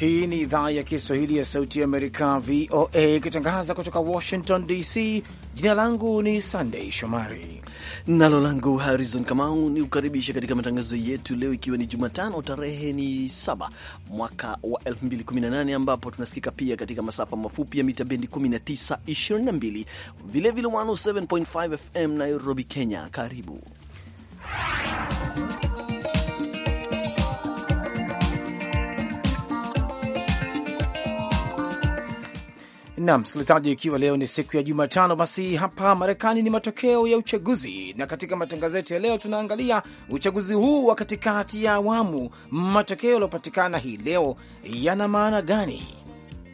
Hii ni idhaa ya Kiswahili ya Sauti ya Amerika, VOA, ikitangaza kutoka Washington DC. Jina langu ni Sandei Shomari nalo langu Harizon Kamau ni kukaribisha katika matangazo yetu leo, ikiwa ni Jumatano tarehe ni saba mwaka wa 2018 ambapo tunasikika pia katika masafa mafupi ya mita bendi 19, 22, vilevile 107.5 FM Nairobi, Kenya. Karibu na msikilizaji, ikiwa leo ni siku ya Jumatano, basi hapa Marekani ni matokeo ya uchaguzi, na katika matangazo yetu ya leo tunaangalia uchaguzi huu wa katikati ya awamu, matokeo yaliyopatikana hii leo yana maana gani?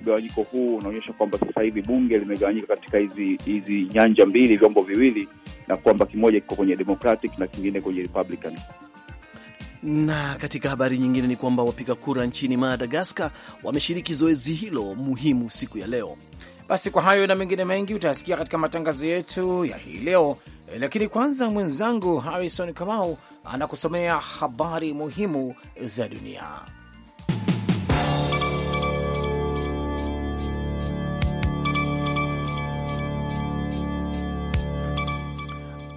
Mgawanyiko huu unaonyesha kwamba sasa hivi bunge limegawanyika katika hizi hizi nyanja mbili, vyombo viwili, na kwamba kimoja kiko kwenye Democratic na kingine kwenye Republican. Na katika habari nyingine ni kwamba wapiga kura nchini Madagaskar wameshiriki zoezi hilo muhimu siku ya leo. Basi kwa hayo na mengine mengi utayasikia katika matangazo yetu ya hii leo, lakini kwanza mwenzangu Harrison Kamau anakusomea habari muhimu za dunia.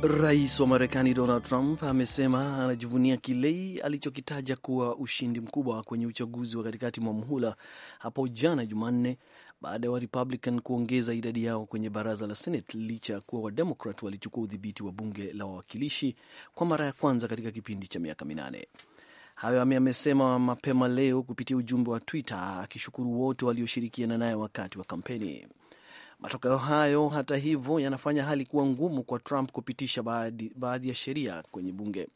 Rais wa Marekani Donald Trump amesema anajivunia kile alichokitaja kuwa ushindi mkubwa kwenye uchaguzi wa katikati mwa muhula hapo jana Jumanne, baada ya wa kuongeza idadi yao kwenye baraza la Senate licha ya kuwa Wademokrat walichukua udhibiti wa bunge la wawakilishi kwa mara ya kwanza katika kipindi cha miaka minane. Hayo amesema mapema leo kupitia ujumbe wa Twitter akishukuru wote walioshirikiana naye wakati wa kampeni. Matokeo hayo hata hivyo, yanafanya hali kuwa ngumu kwa Trump kupitisha baadhi, baadhi ya sheria kwenye bunge.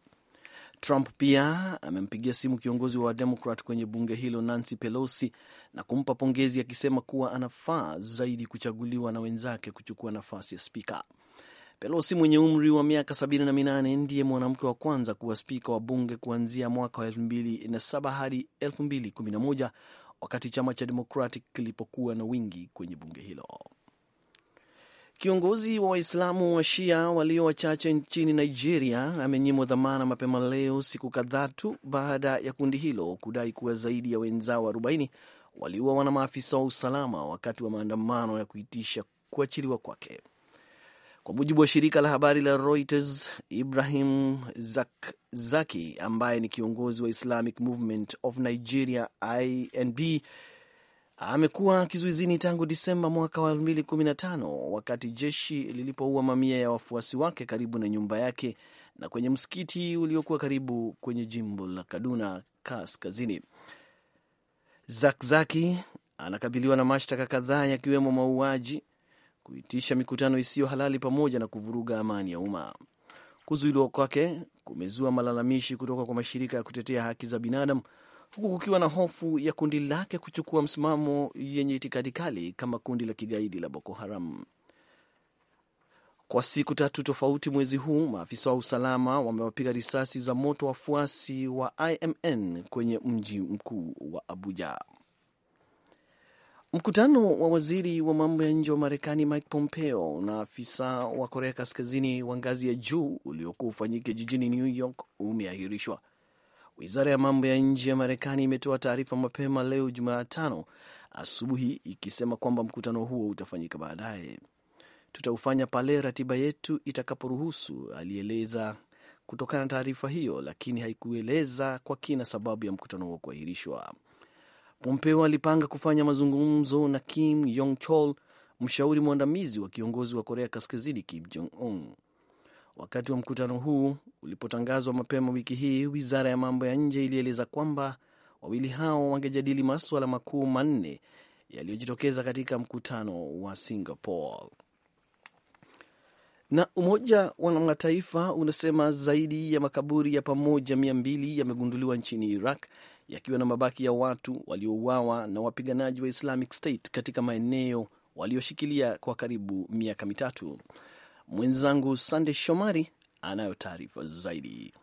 Trump pia amempigia simu kiongozi wa Wademokrat kwenye bunge hilo Nancy Pelosi na kumpa pongezi akisema kuwa anafaa zaidi kuchaguliwa na wenzake kuchukua nafasi ya spika. Pelosi mwenye umri wa miaka 78 ndiye mwanamke wa kwanza kuwa spika wa bunge kuanzia mwaka wa 2007 hadi 2011 wakati chama cha Democratic kilipokuwa na wingi kwenye bunge hilo. Kiongozi wa Waislamu wa Shia walio wachache nchini Nigeria amenyimwa dhamana mapema leo, siku kadhaa tu baada ya kundi hilo kudai kuwa zaidi ya wenzao 40 waliuawa na maafisa wa usalama wakati wa maandamano ya kuitisha kuachiliwa kwake. Kwa mujibu wa shirika la habari la Reuters, Ibrahim Zak Zaki ambaye ni kiongozi wa Islamic Movement of Nigeria INB amekuwa kizuizini tangu Disemba mwaka wa 2015 wakati jeshi lilipoua mamia ya wafuasi wake karibu na nyumba yake na kwenye msikiti uliokuwa karibu kwenye jimbo la Kaduna Kaskazini. Zakzaki anakabiliwa na mashtaka kadhaa yakiwemo mauaji, kuitisha mikutano isiyo halali pamoja na kuvuruga amani ya umma. Kuzuiliwa kwake kumezua malalamishi kutoka kwa mashirika ya kutetea haki za binadamu huku kukiwa na hofu ya kundi lake kuchukua msimamo yenye itikadi kali kama kundi la kigaidi la Boko Haram. Kwa siku tatu tofauti mwezi huu, maafisa wa usalama wamewapiga risasi za moto wafuasi wa IMN kwenye mji mkuu wa Abuja. Mkutano wa waziri wa mambo ya nje wa Marekani Mike Pompeo na afisa wa Korea Kaskazini wa ngazi ya juu uliokuwa ufanyike jijini New York umeahirishwa. Wizara ya mambo ya nje ya Marekani imetoa taarifa mapema leo Jumatano asubuhi ikisema kwamba mkutano huo utafanyika baadaye. Tutaufanya pale ratiba yetu itakaporuhusu, alieleza kutokana na taarifa hiyo, lakini haikueleza kwa kina sababu ya mkutano huo kuahirishwa. Pompeo alipanga kufanya mazungumzo na Kim Yong Chol, mshauri mwandamizi wa kiongozi wa Korea Kaskazini Kim Jong Un. Wakati wa mkutano huu ulipotangazwa mapema wiki hii, wizara ya mambo ya nje ilieleza kwamba wawili hao wangejadili maswala makuu manne yaliyojitokeza katika mkutano wa Singapore. Na Umoja wa Mataifa unasema zaidi ya makaburi ya pamoja mia mbili yamegunduliwa nchini Iraq yakiwa na mabaki ya watu waliouawa na wapiganaji wa Islamic State katika maeneo walioshikilia kwa karibu miaka mitatu. Mwenzangu Sande Shomari anayo taarifa zaidi.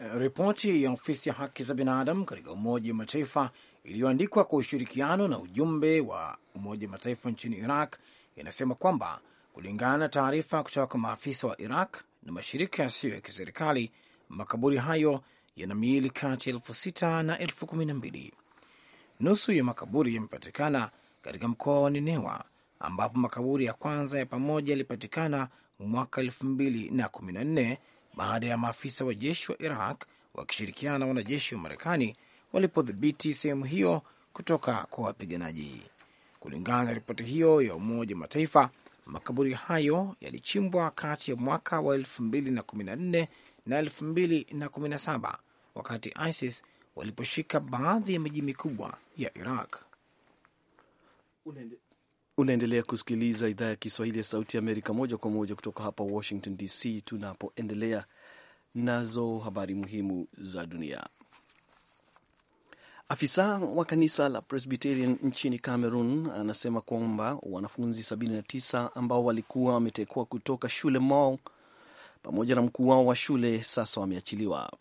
Eh, ripoti ya ofisi ya haki za binadamu katika Umoja wa Mataifa iliyoandikwa kwa ushirikiano na ujumbe wa Umoja wa Mataifa nchini Iraq inasema kwamba kulingana na taarifa kutoka kwa maafisa wa Iraq na mashirika yasiyo ya kiserikali, makaburi hayo yana miili kati ya elfu sita na elfu kumi na mbili. Nusu ya makaburi yamepatikana katika mkoa wa Ninewa ambapo makaburi ya kwanza ya pamoja yalipatikana mwaka 2014 baada ya maafisa wa jeshi wa Iraq wakishirikiana na wanajeshi wa Marekani walipodhibiti sehemu hiyo kutoka kwa wapiganaji. Kulingana na ripoti hiyo ya Umoja wa Mataifa, makaburi hayo yalichimbwa kati ya mwaka wa 2014 na 2017 wakati ISIS waliposhika baadhi ya miji mikubwa ya Iraq. Unende. Unaendelea kusikiliza idhaa ya Kiswahili ya Sauti Amerika moja kwa moja kutoka hapa Washington DC, tunapoendelea nazo habari muhimu za dunia. Afisa wa kanisa la Presbyterian nchini Cameroon anasema kwamba wanafunzi 79 ambao walikuwa wametekwa kutoka shule Mall pamoja na mkuu wao wa shule sasa wameachiliwa.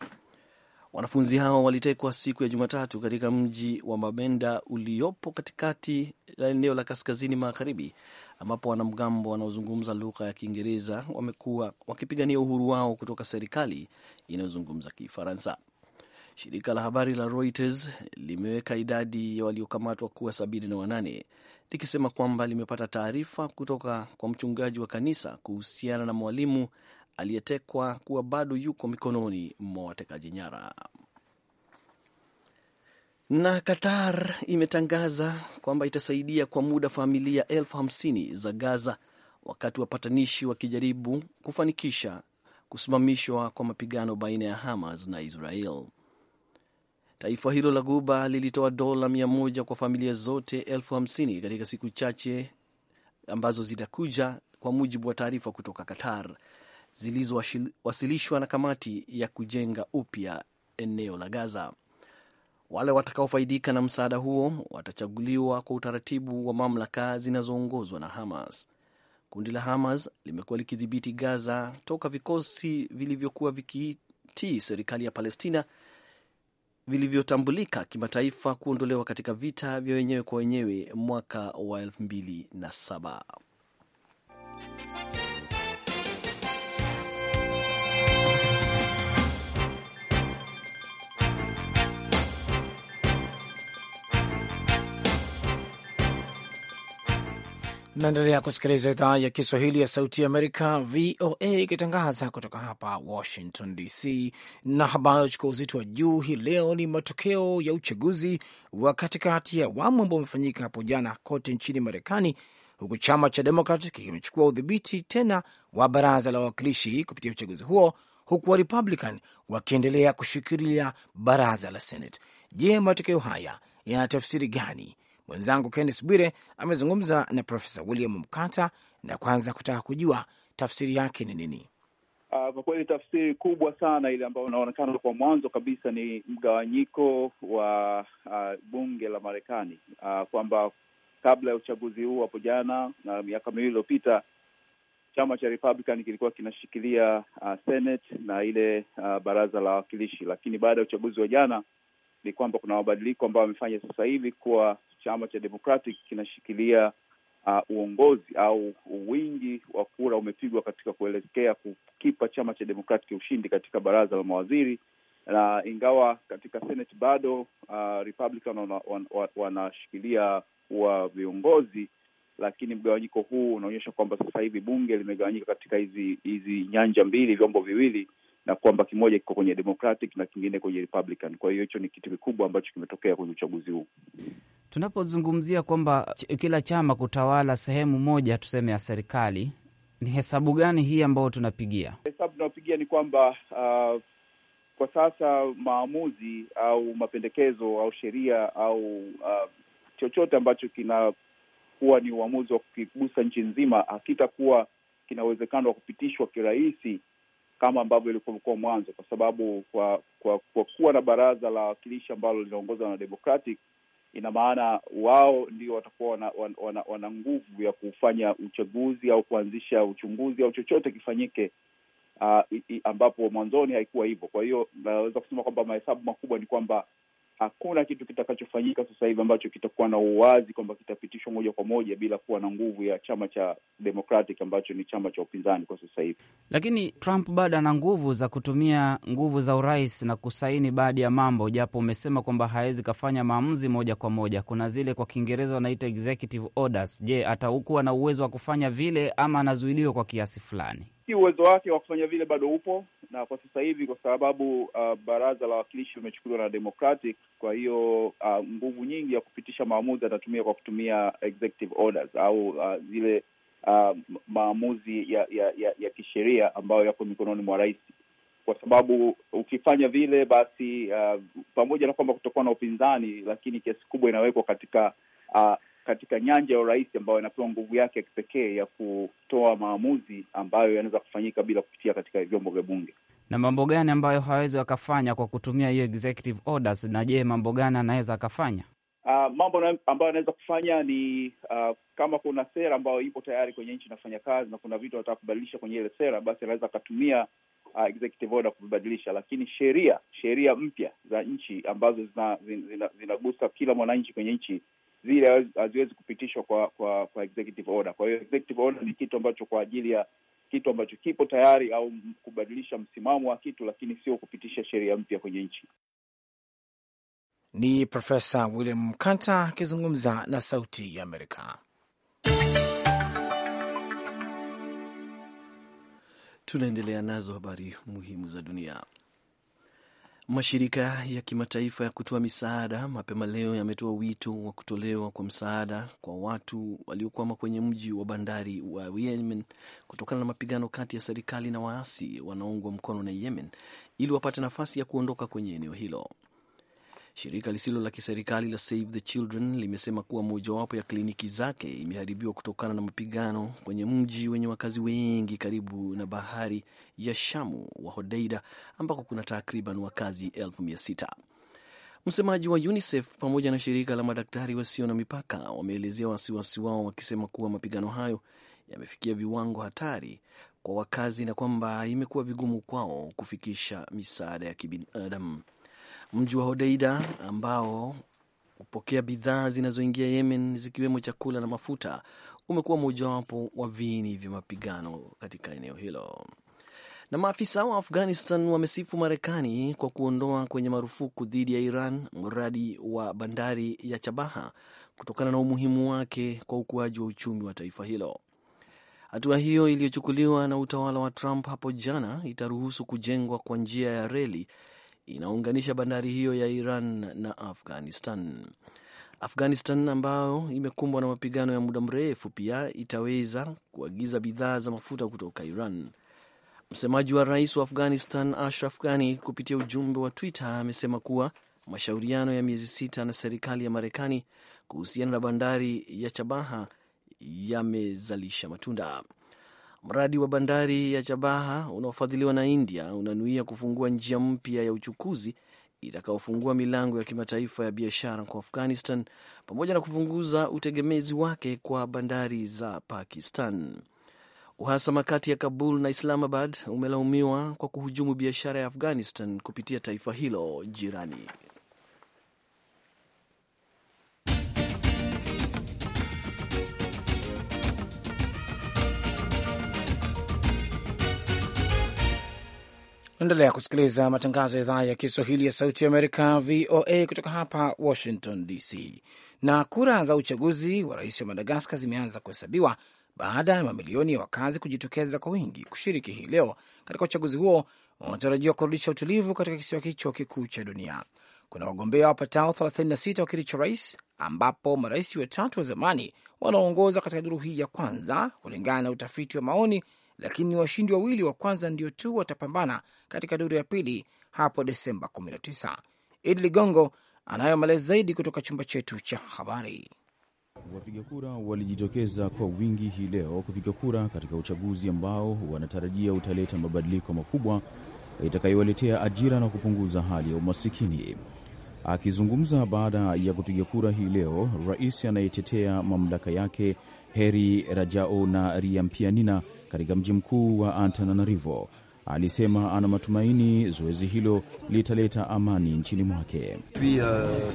Wanafunzi hao walitekwa siku ya Jumatatu katika mji wa Mabenda uliopo katikati la eneo la kaskazini magharibi, ambapo wanamgambo wanaozungumza lugha ya Kiingereza wamekuwa wakipigania uhuru wao kutoka serikali inayozungumza Kifaransa. Shirika la habari la Reuters limeweka idadi ya waliokamatwa kuwa na wanane likisema kwamba limepata taarifa kutoka kwa mchungaji wa kanisa kuhusiana na mwalimu aliyetekwa kuwa bado yuko mikononi mwa watekaji nyara. Na Qatar imetangaza kwamba itasaidia kwa muda familia elfu hamsini za Gaza wakati wapatanishi wakijaribu kufanikisha kusimamishwa kwa mapigano baina ya Hamas na Israel. Taifa hilo la Guba lilitoa dola mia moja kwa familia zote elfu hamsini katika siku chache ambazo zitakuja, kwa mujibu wa taarifa kutoka Qatar, zilizowasilishwa na kamati ya kujenga upya eneo la Gaza. Wale watakaofaidika na msaada huo watachaguliwa kwa utaratibu wa mamlaka zinazoongozwa na Hamas. Kundi la Hamas limekuwa likidhibiti Gaza toka vikosi vilivyokuwa vikitii serikali ya Palestina vilivyotambulika kimataifa kuondolewa katika vita vya wenyewe kwa wenyewe mwaka wa 2007. Naendelea kusikiliza idhaa ya Kiswahili ya Sauti ya Amerika, VOA, ikitangaza kutoka hapa Washington DC. Na habari chukua uzito wa juu hii leo ni matokeo ya uchaguzi wa katikati ya awamu ambao umefanyika hapo jana kote nchini Marekani, huku chama cha Demokrat kimechukua udhibiti tena wa baraza la wawakilishi kupitia uchaguzi huo, huku wa Republican wakiendelea kushikilia baraza la Senate. Je, matokeo haya yana tafsiri gani? Mwenzangu Kennes Bwire amezungumza na Profesa William Mkata na kwanza kutaka kujua tafsiri yake ni nini. Uh, kwa kweli tafsiri kubwa sana ile ambayo inaonekana kwa mwanzo kabisa ni mgawanyiko wa uh, bunge la Marekani uh, kwamba kabla ya uchaguzi huu hapo jana na miaka miwili iliyopita chama cha Republican kilikuwa kinashikilia uh, Senate na ile uh, baraza la wawakilishi, lakini baada ya uchaguzi wa jana ni kwamba kuna mabadiliko ambayo wamefanya sasa hivi kuwa chama cha Democratic kinashikilia uh, uongozi au wingi wa kura umepigwa katika kuelekea kukipa chama cha Democratic ushindi katika baraza la mawaziri, na ingawa katika Senate bado uh, Republican wanashikilia wana, wana wa viongozi lakini mgawanyiko huu unaonyesha kwamba sasa hivi bunge limegawanyika katika hizi hizi nyanja mbili, vyombo viwili na kwamba kimoja kiko kwenye Democratic na kingine kwenye Republican. Kwa hiyo hicho ni kitu kikubwa ambacho kimetokea kwenye uchaguzi huu. Tunapozungumzia kwamba ch kila chama kutawala sehemu moja tuseme ya serikali, ni hesabu gani hii ambayo tunapigia? Hesabu tunayopigia ni kwamba uh, kwa sasa maamuzi au mapendekezo au sheria au uh, chochote ambacho kinakuwa ni uamuzi wa kukigusa nchi nzima hakitakuwa kina uwezekano wa kupitishwa kirahisi kama ambavyo ilikuwa mwanzo, kwa sababu kwa, kwa, kwa kuwa na baraza la wawakilishi ambalo linaongozwa na Democratic, ina maana wao ndio watakuwa wana, wana, wana, wana nguvu ya kufanya uchaguzi au kuanzisha uchunguzi au chochote kifanyike, uh, ambapo mwanzoni haikuwa hivyo. Kwa hiyo naweza kusema kwamba mahesabu makubwa ni kwamba hakuna kitu kitakachofanyika sasa hivi ambacho kitakuwa na uwazi kwamba kitapitishwa moja kwa moja bila kuwa na nguvu ya chama cha Democratic ambacho ni chama cha upinzani kwa sasa hivi. Lakini Trump bado ana nguvu za kutumia nguvu za urais na kusaini baadhi ya mambo, japo umesema kwamba hawezi kafanya maamuzi moja kwa moja. Kuna zile kwa Kiingereza wanaita executive orders. Je, atakuwa na uwezo wa kufanya vile ama anazuiliwa kwa kiasi fulani? nafikiri uwezo wake wa kufanya vile bado upo, na kwa sasa hivi kwa sababu uh, baraza la wawakilishi limechukuliwa na Democratic, kwa hiyo uh, nguvu nyingi ya kupitisha maamuzi atatumia kwa kutumia executive orders au uh, zile uh, maamuzi ya ya, ya, ya kisheria ambayo yako mikononi mwa rais, kwa sababu ukifanya vile basi uh, pamoja na kwamba kutokuwa na upinzani, lakini kiasi kubwa inawekwa katika uh, katika nyanja ya urais ambayo inapewa nguvu yake ya kipekee ya kutoa maamuzi ambayo yanaweza kufanyika bila kupitia katika vyombo vya bunge. Na mambo gani ambayo hawezi wakafanya kwa kutumia hiyo executive orders? Na je, mambo gani anaweza akafanya? Uh, mambo ambayo anaweza kufanya ni uh, kama kuna sera ambayo ipo tayari kwenye nchi inafanya kazi na kuna vitu anataka kubadilisha kwenye ile sera, basi anaweza akatumia uh, executive order kuvibadilisha. Lakini sheria sheria mpya za nchi ambazo zinagusa zina, zina, zina kila mwananchi kwenye nchi zile haziwezi kupitishwa kwa kwa kwa executive order. Kwa hiyo executive order ni kitu ambacho kwa ajili ya kitu ambacho kipo tayari au kubadilisha msimamo wa kitu, lakini sio kupitisha sheria mpya kwenye nchi. Ni Profesa William Mkanta akizungumza na Sauti ya Amerika. Tunaendelea nazo habari muhimu za dunia. Mashirika ya kimataifa ya kutoa misaada mapema leo yametoa wito wa kutolewa kwa msaada kwa watu waliokwama kwenye mji wa bandari wa Yemen kutokana na mapigano kati ya serikali na waasi wanaoungwa mkono na Yemen ili wapate nafasi ya kuondoka kwenye eneo hilo. Shirika lisilo la kiserikali la Save the Children limesema kuwa mojawapo ya kliniki zake imeharibiwa kutokana na mapigano kwenye mji wenye wakazi wengi karibu na bahari ya Shamu wa Hodeida ambako kuna takriban wakazi elfu mia sita. Msemaji wa UNICEF pamoja na shirika la madaktari wasio na mipaka wameelezea wasiwasi wao wakisema kuwa mapigano hayo yamefikia viwango hatari kwa wakazi na kwamba imekuwa vigumu kwao kufikisha misaada ya kibinadamu. Mji wa Hodeida ambao hupokea bidhaa zinazoingia Yemen zikiwemo chakula na mafuta umekuwa mojawapo wa viini vya mapigano katika eneo hilo. Na maafisa wa Afghanistan wamesifu Marekani kwa kuondoa kwenye marufuku dhidi ya Iran mradi wa bandari ya Chabaha kutokana na umuhimu wake kwa ukuaji wa uchumi wa taifa hilo. Hatua hiyo iliyochukuliwa na utawala wa Trump hapo jana itaruhusu kujengwa kwa njia ya reli inaunganisha bandari hiyo ya Iran na Afghanistan. Afghanistan ambayo imekumbwa na mapigano ya muda mrefu pia itaweza kuagiza bidhaa za mafuta kutoka Iran. Msemaji wa rais wa Afghanistan Ashraf Ghani kupitia ujumbe wa Twitter amesema kuwa mashauriano ya miezi sita na serikali ya Marekani kuhusiana na bandari ya Chabaha yamezalisha matunda. Mradi wa bandari ya Chabaha unaofadhiliwa na India unanuia kufungua njia mpya ya uchukuzi itakaofungua milango ya kimataifa ya biashara kwa Afghanistan pamoja na kupunguza utegemezi wake kwa bandari za Pakistan. Uhasama kati ya Kabul na Islamabad umelaumiwa kwa kuhujumu biashara ya Afghanistan kupitia taifa hilo jirani. Naendelea kusikiliza matangazo ya idhaa ya Kiswahili ya Sauti ya Amerika, VOA, kutoka hapa Washington DC. Na kura za uchaguzi wa rais wa Madagaskar zimeanza kuhesabiwa baada ya mamilioni ya wakazi kujitokeza kwa wingi kushiriki hii leo katika uchaguzi huo wanatarajiwa kurudisha utulivu katika kisiwa hicho kikuu cha dunia. Kuna wagombea wapatao 36 wa kiti cha rais, ambapo marais watatu wa zamani wanaoongoza katika duru hii ya kwanza, kulingana na utafiti wa maoni lakini washindi wawili wa kwanza ndio tu watapambana katika duru ya pili hapo Desemba 19. Idi Ligongo anayo maelezo zaidi kutoka chumba chetu cha habari. Wapiga kura walijitokeza kwa wingi hii leo kupiga kura katika uchaguzi ambao wanatarajia utaleta mabadiliko makubwa itakayowaletea ajira na kupunguza hali ya umasikini. Akizungumza baada ya kupiga kura hii leo, rais anayetetea mamlaka yake Heri Rajao na Riampianina katika mji mkuu wa Antananarivo alisema ana matumaini zoezi hilo litaleta amani nchini mwake. Euh,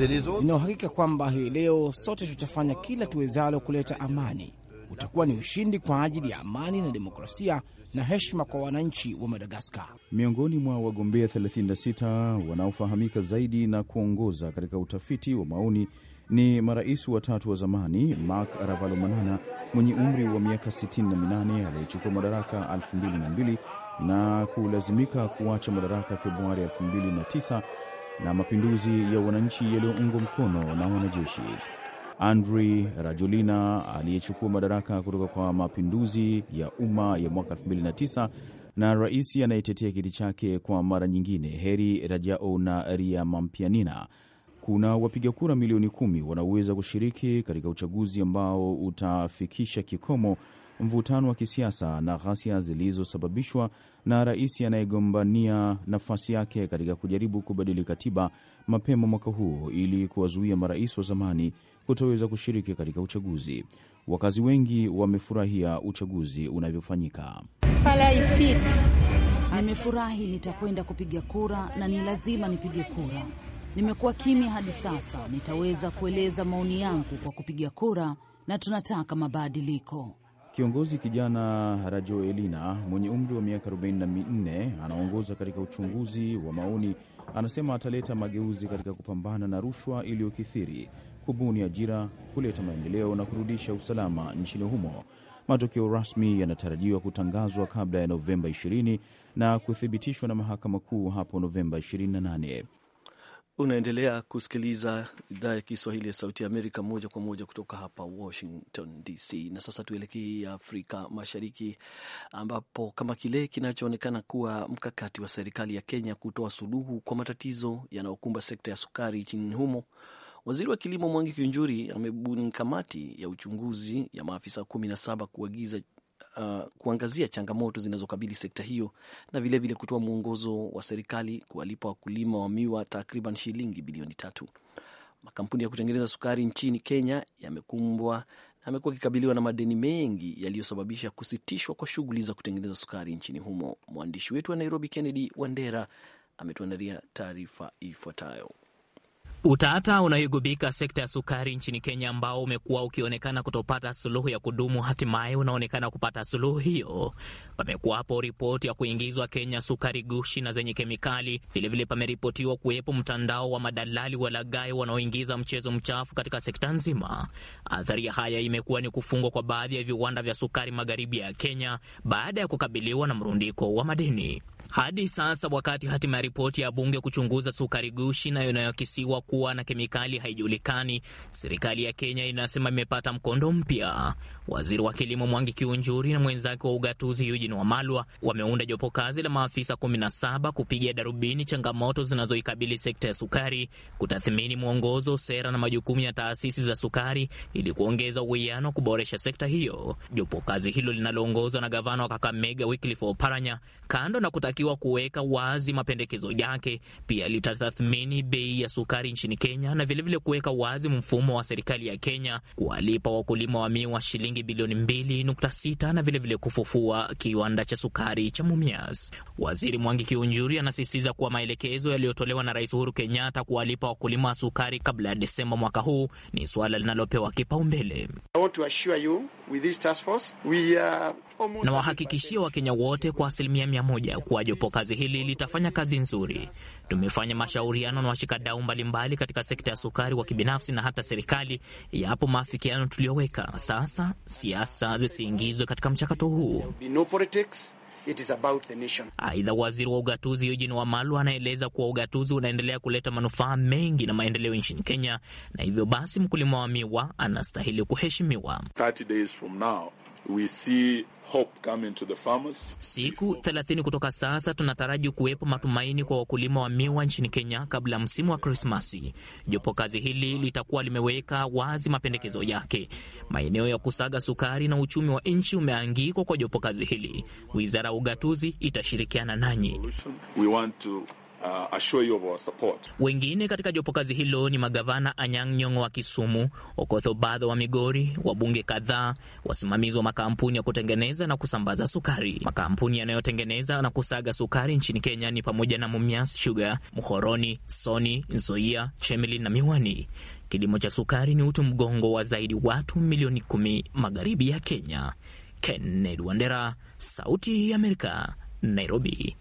euh, Nina uhakika kwamba hii leo sote tutafanya kila tuwezalo kuleta amani. Utakuwa ni ushindi kwa ajili ya amani na demokrasia na heshima kwa wananchi wa Madagaskar. Miongoni mwa wagombea 36 wanaofahamika zaidi na kuongoza katika utafiti wa maoni ni marais watatu wa zamani Marc Ravalomanana mwenye umri wa miaka 68 aliyechukua madaraka 2002 na kulazimika kuacha madaraka Februari 2009 na mapinduzi ya wananchi yaliyoungwa mkono na wanajeshi. Andry rajolina aliyechukua madaraka kutoka kwa mapinduzi ya umma ya mwaka 2009 na rais anayetetea kiti chake kwa mara nyingine Heri Rajao na Ria Mampianina kuna wapiga kura milioni kumi wanaoweza kushiriki katika uchaguzi ambao utafikisha kikomo mvutano wa kisiasa na ghasia zilizosababishwa na rais anayegombania nafasi yake katika kujaribu kubadili katiba mapema mwaka huu ili kuwazuia marais wa zamani kutoweza kushiriki katika uchaguzi. Wakazi wengi wamefurahia uchaguzi unavyofanyika. Nimefurahi, nitakwenda kupiga kura na ni lazima nipige kura. Nimekuwa kimya hadi sasa. Nitaweza kueleza maoni yangu kwa kupiga kura, na tunataka mabadiliko. Kiongozi kijana Rajoelina mwenye umri wa miaka 44 anaongoza katika uchunguzi wa maoni. Anasema ataleta mageuzi katika kupambana na rushwa iliyokithiri, kubuni ajira, kuleta maendeleo na kurudisha usalama nchini humo. Matokeo rasmi yanatarajiwa kutangazwa kabla ya Novemba 20 na kuthibitishwa na mahakama kuu hapo Novemba 28. Unaendelea kusikiliza idhaa ya Kiswahili ya Sauti ya Amerika moja kwa moja kutoka hapa Washington DC. Na sasa tuelekee Afrika Mashariki, ambapo kama kile kinachoonekana kuwa mkakati wa serikali ya Kenya kutoa suluhu kwa matatizo yanayokumba sekta ya sukari nchini humo, waziri wa kilimo Mwangi Kiunjuri amebuni kamati ya uchunguzi ya maafisa kumi na saba kuagiza uh, kuangazia changamoto zinazokabili sekta hiyo na vilevile kutoa mwongozo wa serikali kuwalipa wakulima wa miwa takriban shilingi bilioni tatu. Makampuni ya kutengeneza sukari nchini Kenya yamekumbwa na amekuwa akikabiliwa na madeni mengi yaliyosababisha kusitishwa kwa shughuli za kutengeneza sukari nchini humo. Mwandishi wetu wa Nairobi, Kennedy Wandera, ametuandalia taarifa ifuatayo. Utata unaigubika sekta ya sukari nchini Kenya, ambao umekuwa ukionekana kutopata suluhu ya kudumu, hatimaye unaonekana kupata suluhu hiyo. Pamekuwapo ripoti ya kuingizwa Kenya sukari gushi na zenye kemikali. Vilevile pameripotiwa kuwepo mtandao wa madalali walaghai wanaoingiza mchezo mchafu katika sekta nzima. Athari haya imekuwa ni kufungwa kwa baadhi ya viwanda vya sukari magharibi ya Kenya baada ya kukabiliwa na mrundiko wa madini. Hadi sasa wakati hatima ya ripoti ya bunge kuchunguza sukari gushi nayo inayokisiwa kuwa na kemikali haijulikani, serikali ya Kenya inasema imepata mkondo mpya Waziri wa kilimo Mwangi Kiunjuri na mwenzake wa ugatuzi Eugene Wamalwa wameunda jopo kazi la maafisa 17 kupiga darubini changamoto zinazoikabili sekta ya sukari, kutathmini mwongozo, sera na majukumu ya taasisi za sukari ili kuongeza uwiano wa kuboresha sekta hiyo. Jopo kazi hilo linaloongozwa na gavana wa Kakamega Wycliffe Oparanya, kando na kutakiwa kuweka wazi mapendekezo yake, pia litatathmini bei ya sukari nchini Kenya na vilevile kuweka wazi mfumo wa serikali ya Kenya kuwalipa wakulima wa miwa shilingi shilingi bilioni 2.6 na vilevile vile kufufua kiwanda cha sukari cha Mumias. Waziri Mwangi Kiunjuri anasisitiza kuwa maelekezo yaliyotolewa na Rais Uhuru Kenyatta kuwalipa wakulima wa sukari kabla ya Desemba mwaka huu ni suala linalopewa kipaumbele. Uh, na wahakikishia Wakenya wote kwa asilimia mia moja kuwa jopo kazi hili litafanya kazi nzuri. Tumefanya mashauriano na washikadau mbalimbali katika sekta ya sukari wa kibinafsi na hata serikali. Yapo maafikiano tuliyoweka. Sasa siasa zisiingizwe katika mchakato huu. No politics, It is about the nation. Aidha, waziri wa ugatuzi Eugene Wamalwa anaeleza kuwa ugatuzi unaendelea kuleta manufaa mengi na maendeleo nchini Kenya, na hivyo basi mkulima wa miwa anastahili kuheshimiwa. 30 days from now. We see hope coming to the farmers. Siku 30 kutoka sasa tunataraji kuwepo matumaini kwa wakulima wa miwa nchini Kenya kabla msimu wa Krismasi. Jopo kazi hili litakuwa limeweka wazi mapendekezo yake. Maeneo ya kusaga sukari na uchumi wa nchi umeangikwa kwa jopo kazi hili. Wizara ya ugatuzi itashirikiana nanyi. We want to uh, assure you of our support. Wengine katika jopo kazi hilo ni magavana Anyang' Nyong'o wa Kisumu, Okotho Badho wa Migori, wabunge kadhaa, wasimamizi wa makampuni ya kutengeneza na kusambaza sukari. Makampuni yanayotengeneza na kusaga sukari nchini Kenya ni pamoja na Mumias Sugar, Muhoroni, Sony, Nzoia, Chemili na Miwani. Kilimo cha sukari ni uti mgongo wa zaidi watu milioni kumi magharibi ya Kenya. Kennedy Wandera, Sauti ya Amerika, Nairobi.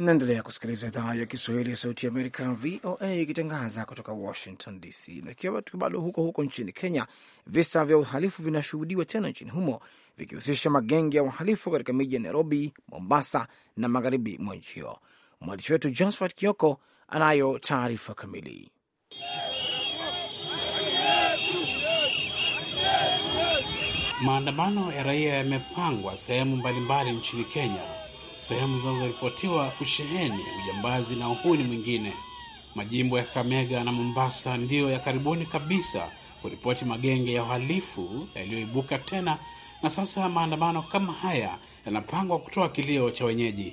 Naendelea kusikiliza idhaa ya Kiswahili ya Sauti ya Amerika, VOA, ikitangaza kutoka Washington DC. Na ikiwa bado huko huko nchini Kenya, visa vya uhalifu vinashuhudiwa tena nchini humo vikihusisha magenge ya uhalifu katika miji ya Nairobi, Mombasa na magharibi mwa nchi hiyo. Mwandishi wetu Josphat Kioko anayo taarifa kamili. Maandamano ya raia yamepangwa sehemu mbalimbali nchini Kenya sehemu zinazoripotiwa kusheheni ujambazi na uhuni mwingine. Majimbo ya Kakamega na Mombasa ndiyo ya karibuni kabisa kuripoti magenge ya uhalifu yaliyoibuka tena, na sasa maandamano kama haya yanapangwa kutoa kilio cha wenyeji.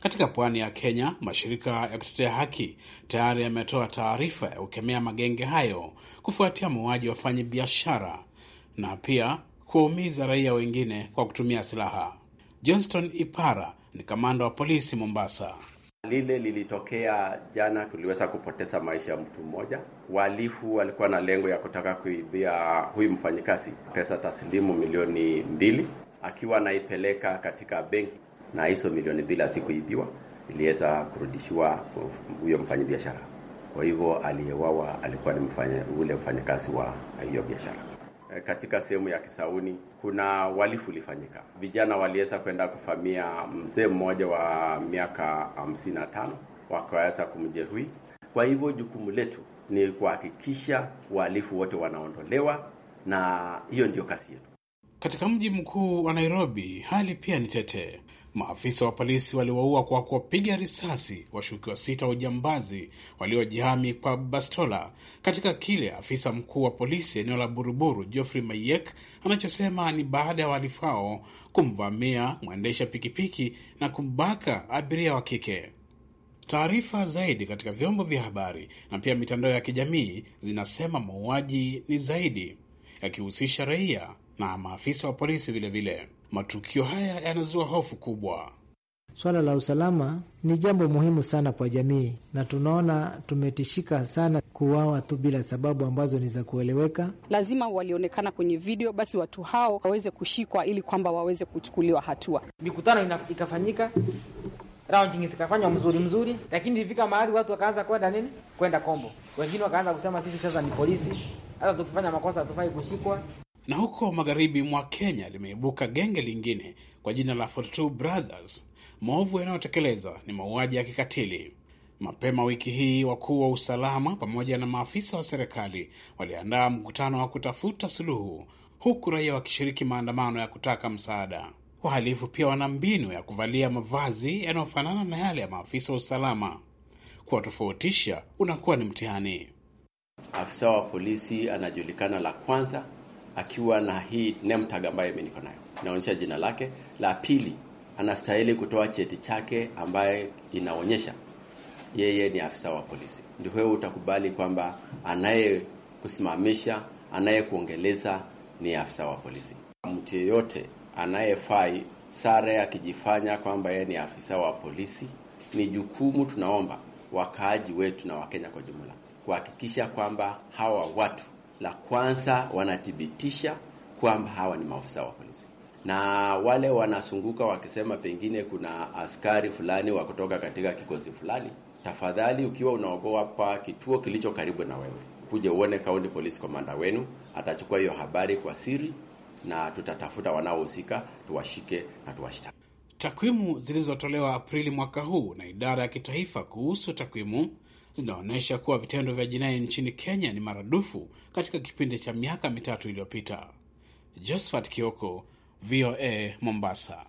Katika pwani ya Kenya, mashirika ya kutetea haki tayari yametoa taarifa ya kukemea magenge hayo kufuatia mauaji wafanyi biashara na pia kuwaumiza raia wengine kwa kutumia silaha. Johnston Ipara ni kamanda wa polisi Mombasa. Lile lilitokea jana, tuliweza kupoteza maisha ya mtu mmoja. Walifu walikuwa na lengo ya kutaka kuibia huyu mfanyikazi pesa taslimu milioni mbili, akiwa anaipeleka katika benki, na hizo milioni mbili hazikuibiwa, iliweza kurudishiwa huyo mfanyabiashara. Kwa hivyo aliyewawa alikuwa ni mfanya, ule mfanyakazi wa hiyo biashara. Eh, katika sehemu ya Kisauni kuna uhalifu ulifanyika. Vijana waliweza kwenda kufamia mzee mmoja wa miaka 55 wakaweza kumjeruhi. Kwa hivyo jukumu letu ni kuhakikisha wahalifu wote wanaondolewa, na hiyo ndio kazi yetu. Katika mji mkuu wa Nairobi hali pia ni tete. Maafisa wa polisi waliwaua kwa kuwapiga risasi washukiwa sita wa ujambazi waliojihami kwa bastola, katika kile afisa mkuu wa polisi eneo la Buruburu Geoffrey Mayek anachosema ni baada ya wahalifu hao kumvamia mwendesha pikipiki na kumbaka abiria wa kike. Taarifa zaidi katika vyombo vya habari na pia mitandao ya kijamii zinasema mauaji ni zaidi yakihusisha raia na maafisa wa polisi vilevile vile. Matukio haya yanazua hofu kubwa. Swala la usalama ni jambo muhimu sana kwa jamii, na tunaona tumetishika sana kuwawa tu bila sababu ambazo ni za kueleweka. Lazima walionekana kwenye video, basi watu hao waweze kushikwa ili kwamba waweze kuchukuliwa hatua. Mikutano ikafanyika, raundi zikafanywa mzuri mzuri, lakini ilifika mahali watu wakaanza kwenda nini, kwenda kombo. Wengine wakaanza kusema sisi sasa ni polisi, hata tukifanya makosa hatufai kushikwa. Na huko magharibi mwa Kenya limeibuka genge lingine kwa jina la 42 Brothers. Maovu yanayotekeleza ni mauaji ya kikatili. Mapema wiki hii wakuu wa usalama pamoja na maafisa wa serikali waliandaa mkutano wa kutafuta suluhu, huku raia wakishiriki maandamano ya kutaka msaada. Wahalifu pia wana mbinu ya kuvalia mavazi yanayofanana na yale ya maafisa wa usalama. Kuwatofautisha unakuwa ni mtihani. Afisa wa polisi anajulikana la kwanza akiwa na hii name tag ambayo mimi niko nayo, inaonyesha jina lake. La pili, anastahili kutoa cheti chake ambaye inaonyesha yeye ni afisa wa polisi. Ndio wewe utakubali kwamba anayekusimamisha, anayekuongeleza ni afisa wa polisi. Mtu yeyote anayefai sare akijifanya kwamba yeye ni afisa wa polisi, ni jukumu tunaomba wakaaji wetu na Wakenya kwa jumla kuhakikisha kwamba hawa watu la kwanza wanathibitisha kwamba hawa ni maafisa wa polisi, na wale wanazunguka wakisema pengine kuna askari fulani wa kutoka katika kikosi fulani. Tafadhali, ukiwa unaogopa kituo kilicho karibu na wewe, kuja uone kaunti police commander wenu, atachukua hiyo habari kwa siri na tutatafuta wanaohusika tuwashike na tuwashtaki. Takwimu zilizotolewa Aprili mwaka huu na idara ya kitaifa kuhusu takwimu zinaonyesha kuwa vitendo vya jinai nchini Kenya ni maradufu katika kipindi cha miaka mitatu iliyopita. Josephat Kioko, VOA, Mombasa.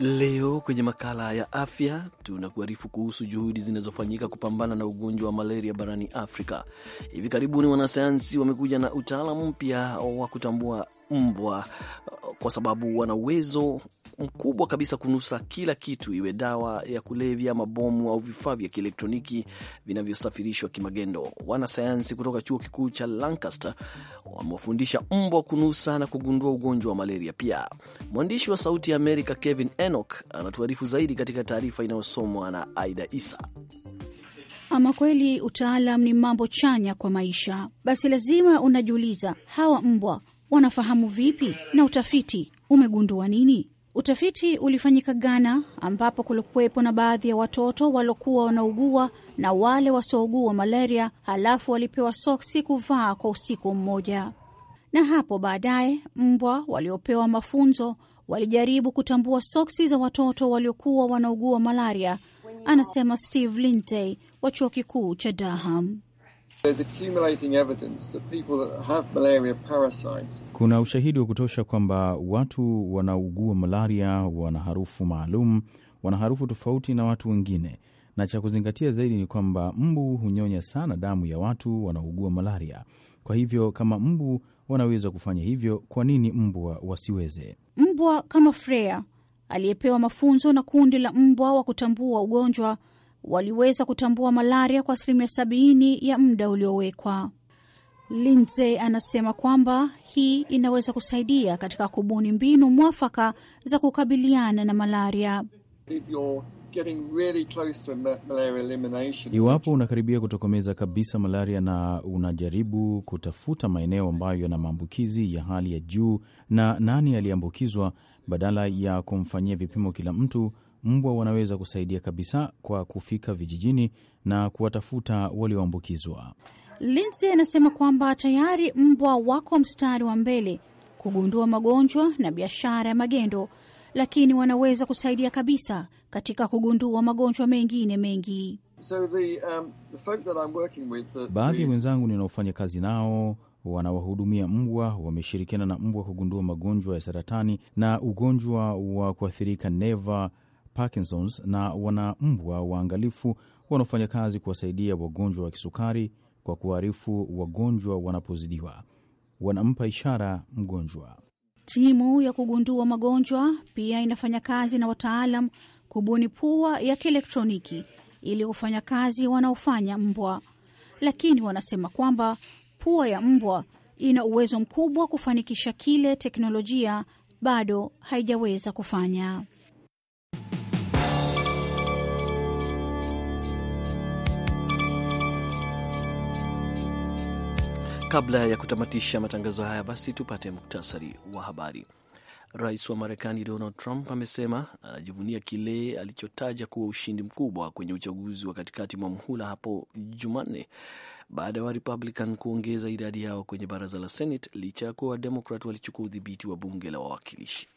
Leo kwenye makala ya afya tunakuarifu kuhusu juhudi zinazofanyika kupambana na ugonjwa wa malaria barani Afrika. Hivi karibuni wanasayansi wamekuja na utaalamu mpya wa kutambua mbwa kwa sababu wana uwezo mkubwa kabisa kunusa kila kitu, iwe dawa ya kulevya, mabomu au vifaa vya kielektroniki vinavyosafirishwa kimagendo. Wanasayansi kutoka chuo kikuu cha Lancaster wamewafundisha mbwa kunusa na kugundua ugonjwa wa malaria pia. Mwandishi wa Sauti ya Amerika Kevin Enoch anatuarifu zaidi katika taarifa inayosomwa na Aida Isa. Ama kweli utaalam ni mambo chanya kwa maisha. Basi lazima unajiuliza, hawa mbwa wanafahamu vipi na utafiti umegundua nini? Utafiti ulifanyika Ghana ambapo kulikuwepo na baadhi ya watoto waliokuwa wanaugua na wale wasiougua malaria, halafu walipewa soksi kuvaa kwa usiku mmoja, na hapo baadaye mbwa waliopewa mafunzo walijaribu kutambua soksi za watoto waliokuwa wanaugua malaria, anasema Steve Lintey wa chuo kikuu cha Durham. Kuna ushahidi wa kutosha kwamba watu wanaougua malaria wana harufu maalum, wana harufu tofauti na watu wengine, na cha kuzingatia zaidi ni kwamba mbu hunyonya sana damu ya watu wanaougua malaria. Kwa hivyo kama mbu wanaweza kufanya hivyo, kwa nini mbwa wasiweze? Mbwa kama Freya aliyepewa mafunzo na kundi la mbwa wa kutambua ugonjwa waliweza kutambua malaria kwa asilimia sabini ya muda uliowekwa. Lindsay anasema kwamba hii inaweza kusaidia katika kubuni mbinu mwafaka za kukabiliana na malaria. Really malaria iwapo unakaribia kutokomeza kabisa malaria na unajaribu kutafuta maeneo ambayo yana maambukizi ya hali ya juu na nani aliyeambukizwa, badala ya kumfanyia vipimo kila mtu mbwa wanaweza kusaidia kabisa kwa kufika vijijini na kuwatafuta walioambukizwa. Lindsay anasema kwamba tayari mbwa wako mstari wa mbele kugundua magonjwa na biashara ya magendo, lakini wanaweza kusaidia kabisa katika kugundua magonjwa mengine mengi. So the, um, the uh, baadhi ya wenzangu ninaofanya kazi nao wanawahudumia mbwa wameshirikiana na mbwa kugundua magonjwa ya saratani na ugonjwa wa kuathirika neva Parkinson's na wana mbwa waangalifu wanaofanya kazi kuwasaidia wagonjwa wa kisukari kwa kuwaarifu wagonjwa wanapozidiwa. Wanampa ishara mgonjwa. Timu ya kugundua magonjwa pia inafanya kazi na wataalam kubuni pua ya kielektroniki ili kufanya kazi wanaofanya mbwa, lakini wanasema kwamba pua ya mbwa ina uwezo mkubwa kufanikisha kile teknolojia bado haijaweza kufanya. Kabla ya kutamatisha matangazo haya, basi tupate muktasari wa habari. Rais wa Marekani Donald Trump amesema anajivunia kile alichotaja kuwa ushindi mkubwa kwenye uchaguzi wa katikati mwa muhula hapo Jumanne baada ya Warepublican kuongeza idadi yao kwenye baraza la Senate licha ya kuwa Wademokrat walichukua udhibiti wa bunge la wawakilishi.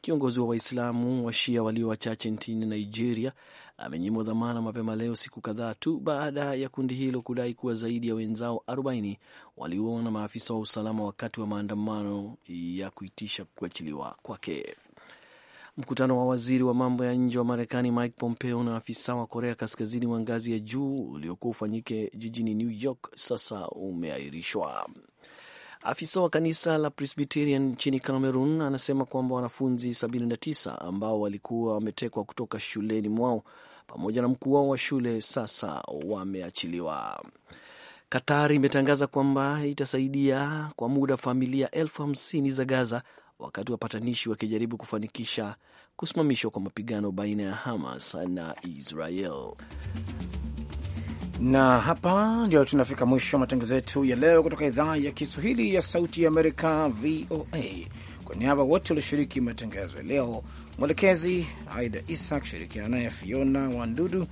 Kiongozi wa Waislamu wa Shia walio wachache nchini Nigeria amenyimwa dhamana mapema leo, siku kadhaa tu baada ya kundi hilo kudai kuwa zaidi ya wenzao 40 waliuawa na maafisa wa usalama wakati wa maandamano ya kuitisha kuachiliwa kwake. Mkutano wa waziri wa mambo ya nje wa Marekani Mike Pompeo na afisa wa Korea Kaskazini wa ngazi ya juu uliokuwa ufanyike jijini New York sasa umeahirishwa. Afisa wa kanisa la Presbyterian nchini Cameroon anasema kwamba wanafunzi 79 ambao walikuwa wametekwa kutoka shuleni mwao pamoja na mkuu wao wa shule sasa wameachiliwa. Qatar imetangaza kwamba itasaidia kwa muda familia elfu hamsini za Gaza wakati wapatanishi wakijaribu kufanikisha kusimamishwa kwa mapigano baina ya Hamas na Israel. Na hapa ndio tunafika mwisho wa matangazo yetu ya leo kutoka idhaa ya Kiswahili ya Sauti ya Amerika, VOA. Kwa niaba wote walioshiriki matangazo ya leo, mwelekezi Aida Isa kushirikiana naye Fiona Wandudu,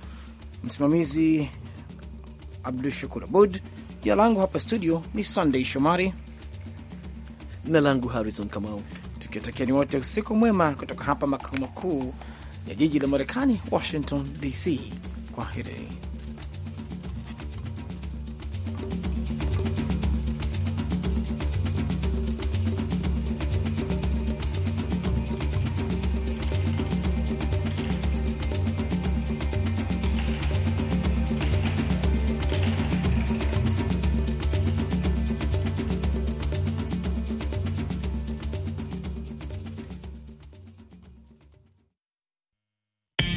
msimamizi Abdu Shakur Abud. Jina langu hapa studio ni Sandey Shomari na langu Harrison Kamau, tukiwatakieni wote usiku mwema kutoka hapa makao makuu ya jiji la Marekani, Washington DC. Kwaheri.